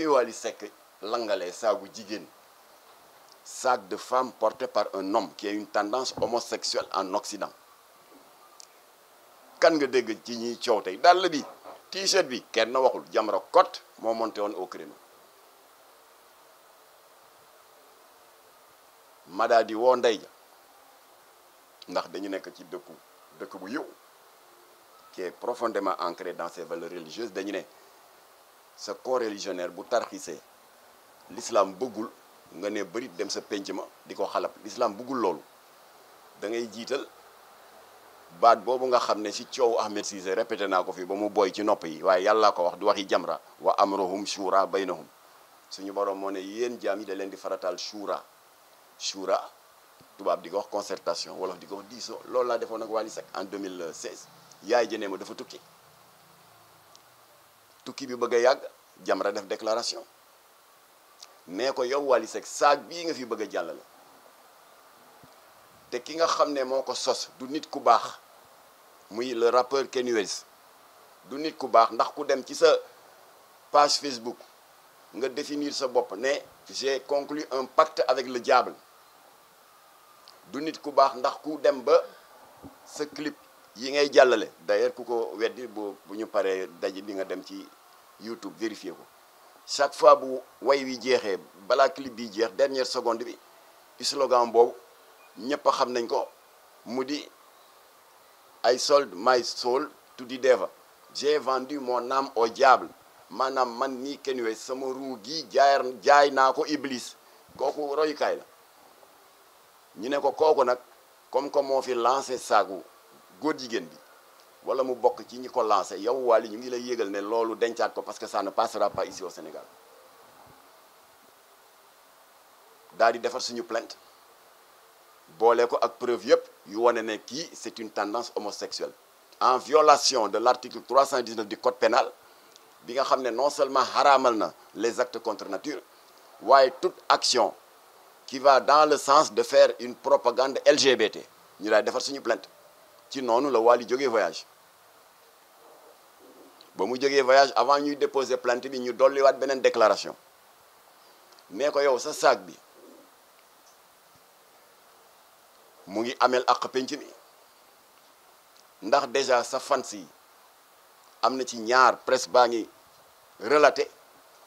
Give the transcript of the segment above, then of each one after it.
fi Wally Seck langalee saagu jigéen sac de femme porté par un homme qui a une tendance homosexuelle en Occident kan nga dégg ci ñiy coow tey dàll bi t-shirt bi kenn waxul Jamra Cotte moo monté woon au créneau ma woo ndey ja ndax dañu nekk ci dëkku dëkk bu yëw qui est profondément ancré dans ses valeurs religieuses dañu ne sa coreligionnaire bu tarxisee lislaam bëggul nga ne bari dem sa pénc ma di ko xalab lislaam bëggul loolu da ngay jiital baat boobu nga xam ne si coow Ahmed Cissé répété naa ko fii ba mu boy ci nopp yi waaye yàllaa ko wax du waxi jamra wa amrohum shura baynahum suñu borom moo ne yéen jaam yi da leen di farataal shura shura tubaab di ko wax concertation wolof di ko wax diisoo loolu laa defoon ak Wally Seck en yaay jënee ma dafa tukki tukki bi bëgg a yàgg Jamra def déclaration mais ko yow Wally Seck saag bii nga fi bëgg a jàllale te ki nga xam ne moo ko sos du nit ku baax muy la rappeur Kanye West du nit ku baax ndax ku dem ci sa page Facebook nga définir sa bopp ne j'ai conclu un pacte avec la diable du nit ku baax ndax ku dem ba sa clip yi ngay jàllale d'ailleurs ku ko weddi bu bu ñu paree daje bi nga dem ci YouTube vérifier ko chaque fois bu way wi jeexee balaa clip bi jeex dernière seconde bi slogan boobu ñëpp xam nañ ko mu di I sold my soul to the devil j'ai vendu mon âme au diable maanaam man nii kenn we sama ruu gi jaayar jaay naa ko Iblis kooku royukaay la ñu ne ko kooku nag comme que moo fi lancé saagu góor jigéen bi wala mu bokk ci ñi ko lancé yow Wally ñu ngi lay yégal ne loolu dencaat ko parce que ça ne passera pas ici au Sénégal daal di defar suñu plainte boole ko ak preuve yëpp yu wane ne kii c'est une tendance homosexuelle en violation de l'article 319 du code pénal bi nga xam ne non seulement xaraamal na les actes contre nature waaye toute action qui va dans le sens de faire une propagande LGBT ñu daay defar suñu plainte ci noonu la Wally jóge voyage ba mu jógee voyage avant ñuy déposé plainte bi ñu dolliwaat beneen déclaration nee ko yow sa saak bi mu ngi ameel ak penc mi ndax déjà sa fans yi am na ci ñaar presse baa ngi relaté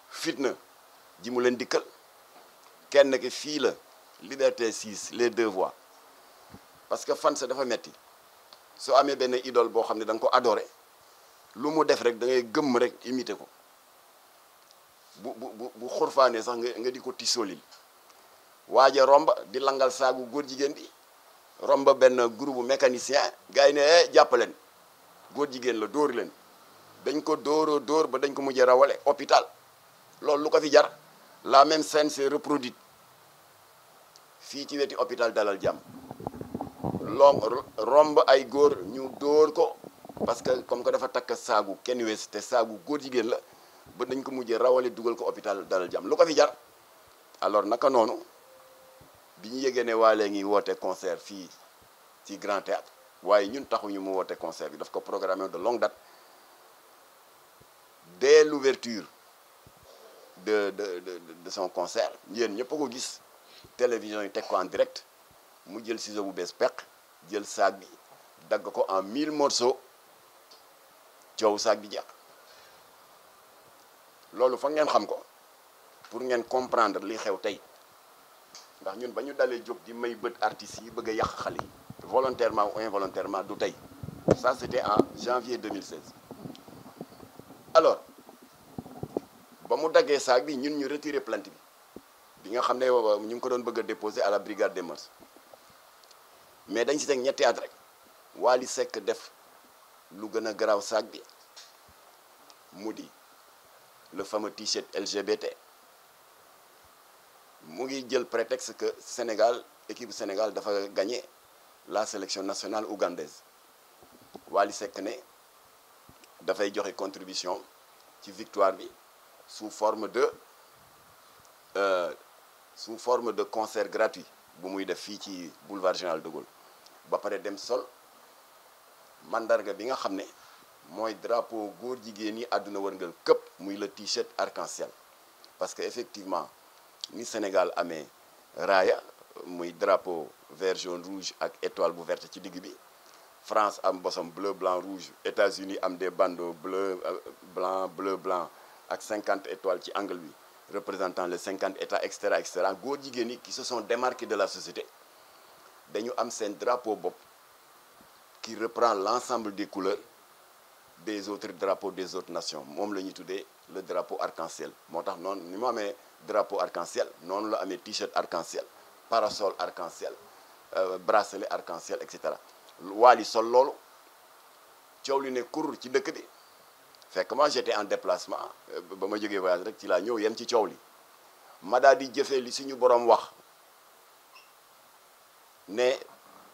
fitna jimu mu leen dikkal kenn ki fii la liberté 6 les deux voies parce que fans dafa metti soo amee benn idole boo xam ne da nga ko adoré lu mu def rek da ngay gëmm rek imité ko bu bu bu xurfaanee sax nga nga di ko tisolil waaja romb di langal saagu góor jigéen bi romb benn groupe mécanicien gars yi ne eh, jàpp leen góor jigéen la dóor leen dañ ko dóoroo dóor ba dañ ko mujjee rawale hôpital loolu lu ko fi jar la même scène s'est reproduite fii ci weti hôpital Dalal Jàmm lom romb ay góor ñu dóor ko parce que comme que dafa takk saagu kenn wees te saagu góor jigéen la ba dañ ko mujjee rawale dugal ko hôpital Dalal Jàmm lu ko fi jar alors naka noonu bi ñu yégee ne waalee ngi woote concert fii ci Grand Théâtre waaye ñun taxuñu mu woote concert bi daf ko programme de long date dès l'ouverture de de de de son concert yéen ñëpp a ko gis télévision yi teg ko en direct mu jël si ciseau bu bees peq jël saag bi dagg ko en mille morceaux coow saag bi jeex loolu fa ngeen xam ko pour ngeen comprendre li xew tey ndax ñun ba ñu dalee jóg di may bët artistes yi bëgg yàq xale yi volontairement ou involontairement du tey ça c'était en janvier 2016 alors ba mu daggee saag bi ñun ñu retiré plainte bi bi nga xam ne euh, ñu ngi ko doon bëgg déposé déposer à la brigade des mœurs mais dañ si teg ñetti at rek Wally Seck def lu gën a garaaw saag bi mu di le fama t-shirt LGBT mu ngi jël prétexte que Sénégal équipe Sénégal dafa gagné la sélection nationale ougandaise Wally Seck ne dafay joxe contribution ci victoire bi sous forme de euh, sous forme de concert gratuit bu muy def fii ci boulevard général de Gaulle ba pare dem sol mandarga bi nga xam ne mooy drapeau góor jigéen ñi àdduna wërngal këpp muy le t-shirt parce que effectivement ni Sénégal amee raaya muy drapeau vert jaune rouge ak étoile bu verte ci digg bi France am bosom bleu blanc rouge États-Unis am des bandeaux bleu euh, blanc bleu blanc ak 50 étoiles ci angle bi représentant les cinquante états et cetera et cetera góor jigéen yi qui se sont démarqués de la société dañu am seen drapeau bopp qui reprend l'ensemble des couleurs des autres drapeaux des autres nations moom la ñuy tuddee le drapeau arc moo tax noonu ni mu amee drapeau arc noonu la amee t-shirt arc-en-ciel parasol arc-en-ciel euh, bracelet arc cetera waal yi sol loolu coow li ne kur ci dëkk bi fekk ma j'étais en déplacement euh, ba ma jógee voyage rek ci laa ñëw yem ci coow li ma daal di jëfee li suñu boroom wax ne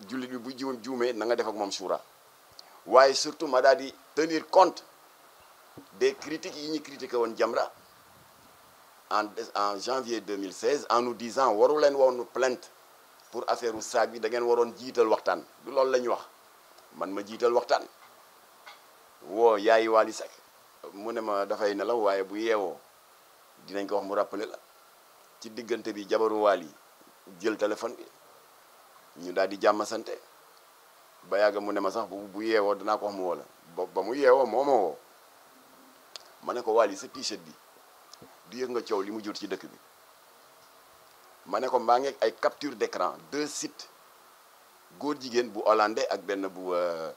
jullit bi bu juum juumee na nga def ak moom suura waaye surtout ma daal di tenir compte des critiques yi ñu critiqué woon Jamra en en janvier 2016 en nous disant waru leen woonu plainte pour affaire u saag bi da ngeen waroon jiital waxtaan du loolu la ñu wax man ma jiital waxtaan woo yaayi Waly Seck mu ne ma dafay nelaw waaye bu yeewoo dinañ ko wax mu rappelé la ci diggante bi jabaru waal yi jël téléphone bi ñu daal di jàmm sante ba yàgg mu ne ma sax bu bu yeewoo danaa ko wax mu woo la ba mu yeewoo moo ma ne ko waal yi sa t bi du yëg nga coow li mu jur ci dëkk bi ma ne ko maa ngi ay capture d'écran deux sites góor jigéen bu hollandais ak benn bu euh,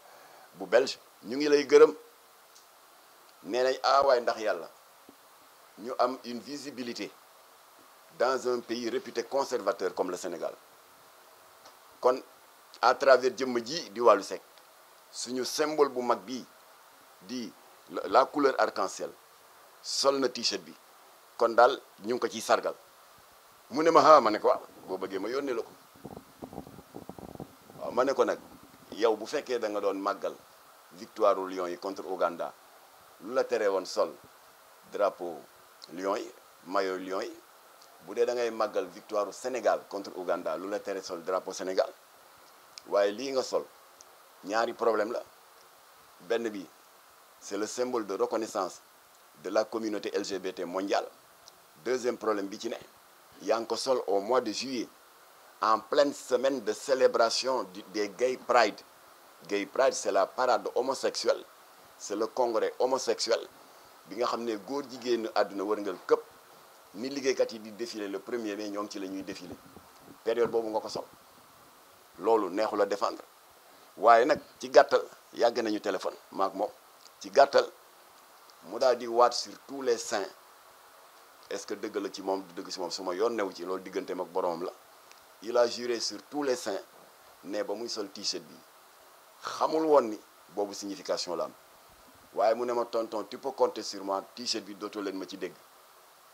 bu belge ñu ngi lay gërëm nee nañ aawaay ah ndax yàlla ñu am une visibilité dans un pays réputé conservateur comme le Sénégal kon à travers jëmm ji di wàllu Seck suñu symbole bu mag bi di la couleur arc-en-ciel sol na t-shirt bi kon daal ñu ngi ko ciy sargal mu ne ma ah ma ne ko waaw boo bëggee ma yónnee la ko waaw ma ne ko nag yow bu fekkee da nga doon màggal victoire u Lions yi contre Ouganda lu la teree woon sol drapo lion yi maillot lion yi bu dee da ngay màggal victoire Sénégal contre Ouganda lu la tere sol drapeau Sénégal waaye lii nga sol ñaari problème la benn bi c'est le symbole de reconnaissance de la communauté LGBT mondiale deuxième problème bi ci ne yaa ngi ko sol au mois de juillet en pleine semaine de célébration des Gay Pride Gay Pride c'est la parade homosexuelle c'est le congrès homosexuel bi nga xam ne góor jigéen àdduna wërngal këpp ni liggéeykat yi di défilé le premier mai ñoom ci la ñuy défilé période boobu nga ko sol loolu neexul a défendre waaye nag ci gàttal yàgg nañu téléphone maak moom ci gàttal mu daal di waat sur tous les saints est-ce que dëgg la ci moom du dëgg si moom su yoon newu ci loolu digganteem ak boromam la il a juré sur tous les saints ne ba muy sol t-shirt bi xamul woon ni boobu signification la waaye mu ne ma tonton tu peux compter sur t-shirt bi dootoo leen ma ci dégg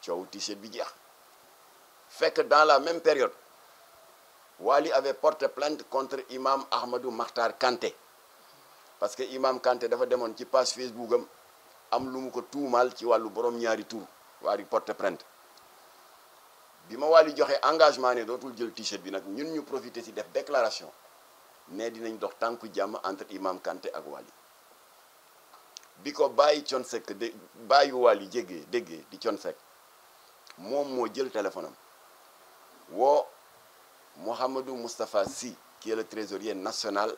coow t-shirt bi jeex fekk dans la même période Wally avait porté plainte contre imam Ahmadou Makhtar Kanté parce que imam Kanté dafa demoon ci page Facebook am am lu mu ko tuumaal ci wàllu borom ñaari tur waari porté plainte bi ma Wally joxe engagement ne dootul jël t-shirt bi nag ñun ñu profité si def déclaration ne dinañ dox tànku jàmm entre imam Kanté ak Wally bi ko bàyyi con sekk de waal yi jéggee déggee di con sekk moom moo jël téléphone am woo Mouhamadou Moustapha Sy qui est le trésorier national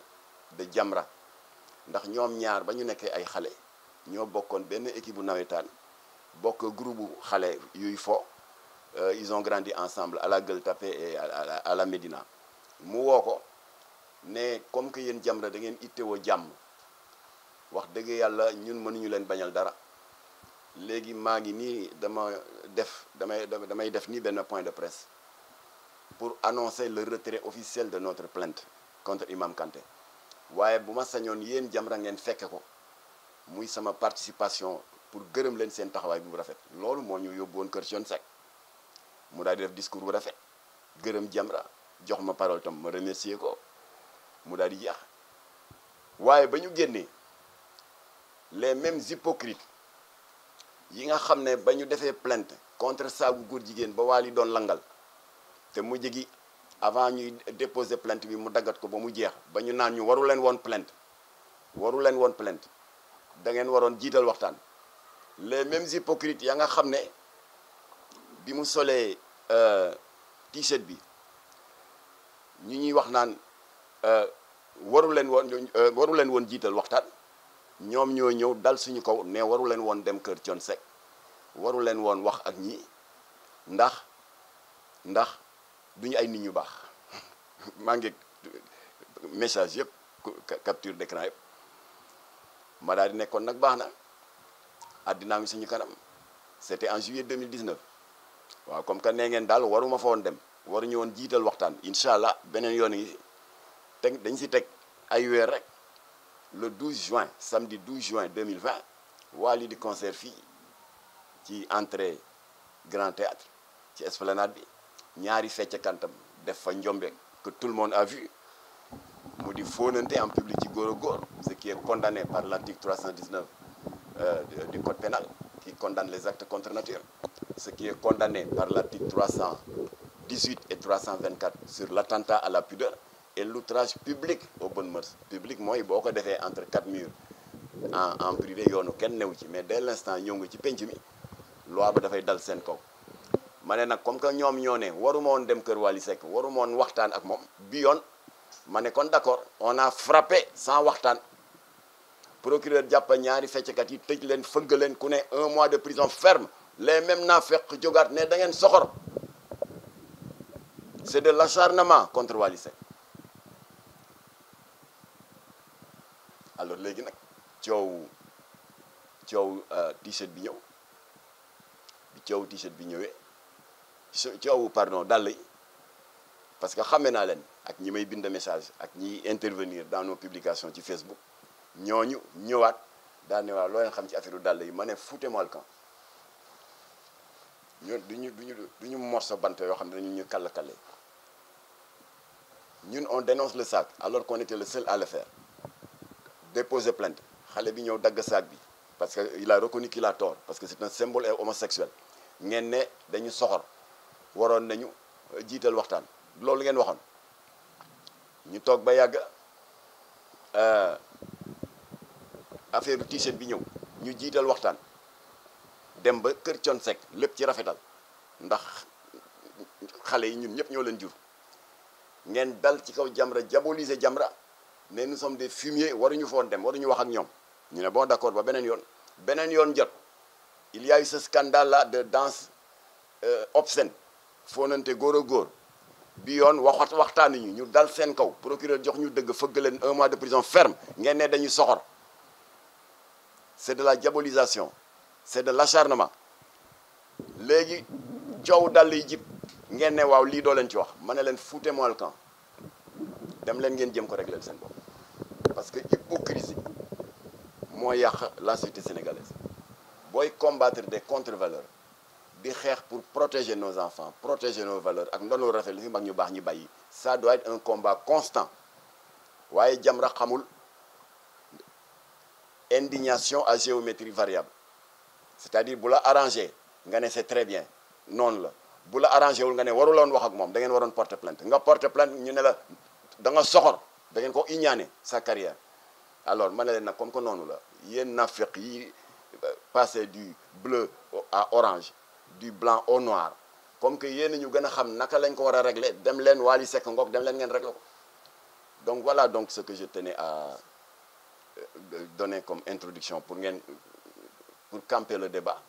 de Jamra ndax ñoom ñaar ba ñu nekkee ay xale ñoo bokkoon benn équipe bu nawetaan bokk groupe xale yuy fo euh, ils ont grandi ensemble à la Gueule Tapée et à la Médina mu woo ko ne comme que yéen Jamra da ngeen ittewoo jàmm wax dëgg yàlla ñun mënuñu leen bañal dara léegi maa ngi nii dama def damay damay def nii benn point de presse pour annoncer le retrait officiel de notre plainte contre Imam Kanté waaye bu ma sañoon yéen Jamra ngeen fekke ko muy sama participation pour gërëm leen seen taxawaay bu rafet loolu moo ñu yóbbu woon Kër Thione Seck mu daal di def discours bu rafet gërëm Jamra jox ma parole tam ma remercier ko mu daal di jeex waaye ba ñu génnee. les mêmes hypocrites yi nga xam ne ba ñu defee plainte contre saagu góor jigéen ba waali doon langal te mujj gi avant ñuy déposer plainte bi mu daggat ko ba mu jeex ba ñu naan ñu waru leen woon plainte waru leen woon plainte da ngeen waroon jiital waxtaan les mêmes hypocrites ya nga xam ne bi mu solee euh, t-shirt bi ñu ñuy wax naan euh, waru leen woon waru leen woon jiital waxtaan ñoom ñoo ñëw dal suñu kaw mais waruleen woon dem kër Thione Seck waru leen woon wax ak ñi ndax ndax duñu ay nit ñu baax maa ngi message yëpp capture d'écran yëpp ma daal di nekkoon nag baax na àddinaa ngi suñu kanam c'était en juillet 2019 waaw comme que nee ngeen daal waruma fa woon dem waruñu woon jiital waxtaan incha allah beneen yoon yi teg dañ si teg ay weer rek le 12 juin samedi 12 juin 2020 Wally di concert fii ci entrée Grand Théâtre ci esplanade bi ñaari fecc kantam def fa njombe que tout le monde a vu mu di fóonante en public ci góor góor ce qui est condamné par l'article 319 euh, du code pénal qui condamne les actes contre nature ce qui est condamné par l'article 318 et 324 sur l'attentat à la pudeur lu l'outrage public aux bonnes mœurs public mooy boo ko defee entre quatre murs en en privé yoonu kenn new ci mais dès l'instant ñëw nga ci penc mi loi ba dafay dal seen kaw ma ne nag comme que ñoom ñoo ne waru ma woon dem kër Wally Seck waru woon waxtaan ak moom bi yoon ma ne kon d'accord on a frappé sans waxtaan procureur jàppa ñaari fecckat yi tëj leen fëgg leen ku ne un mois de prison ferme les mêmes naa fekk jogaat ne da ngeen soxor c'est de l'acharnement contre Wally Seck alors léegi nag coow coow euh, t-shirt bi ñëw bi coow t-shirt bi ñëwee coow pardon dàll yi parce que xame naa leen ak ñi may bind message ak ñi intervenir dans nos publications ci Facebook ñooñu ñëwaat daa ne waa xam ci affaire dàll yi mane ne foutez-moi le camp ñu duñu ñu duñu morso bant yoo xam ne dañu ñu kàll-kàlle ñun on dénonce le sac alors qu'on était le seul à le déposé plainte xale bi ñëw dagg saag bi parce que la a reconnu qu'il a tort parce que c'est un symbole et homosexuel ngeen ne dañu soxor waroon nañu jiital waxtaan loolu ngeen waxoon ñu toog ba yàgg euh, affaire du t bi ñëw ñu jiital waxtaan dem ba kër Thione Seck lépp ci rafetal ndax xale yi ñun ñëpp ñoo leen jur ngeen dal ci kaw Jamra diaboliser Jamra mais nous sommes des fumiers waruñu foon dem waruñu wax ak ñoom ñu ne bon d'accord ba beneen yoon beneen yoon jot il y a eu ce scandale là de danse euh, obscène foonante góor a góor bi yoon waxat waxtaan ñu ñu dal seen kaw procureur jox ñu dëgg fëgg leen un mois de prison ferme ngeen ne dañuy soxor c'est de la diabolisation c'est de la l'acharnement léegi coow dal yi jib ngeen ne waaw lii doo leen ci wax ma ne leen foutez-moi le camp dem leen ngeen jëm ko régler seen bopp parce que hypocrisie moo yàq la société sénégalaise booy combattre des contre di xeex pour protéger nos enfants protéger nos valeurs ak ndono rafet li fi mag ñu baax ñu bàyyi ça doit un combat constant waaye Jamra xamul indignation à géométrie variable c'est-à-dire bu la arrangé nga ne c'est très bien noonu la bu la arrangé wul nga ne waruloon wax ak moom da ngeen waroon porter plainte nga porter plainte ñu ne la da nga soxor da ko iñaane sa carrière alors ma leen nag comme que noonu la yéen nafiq yi euh, passé du bleu à orange du blanc au noir comme que yéen ñu gën a xam naka lañ ko war a régler dem leen Wally Seck ngoog dem leen ngeen régler ko donc voilà donc ce que je tenais à euh, donner comme introduction pour ngeen pour camper le débat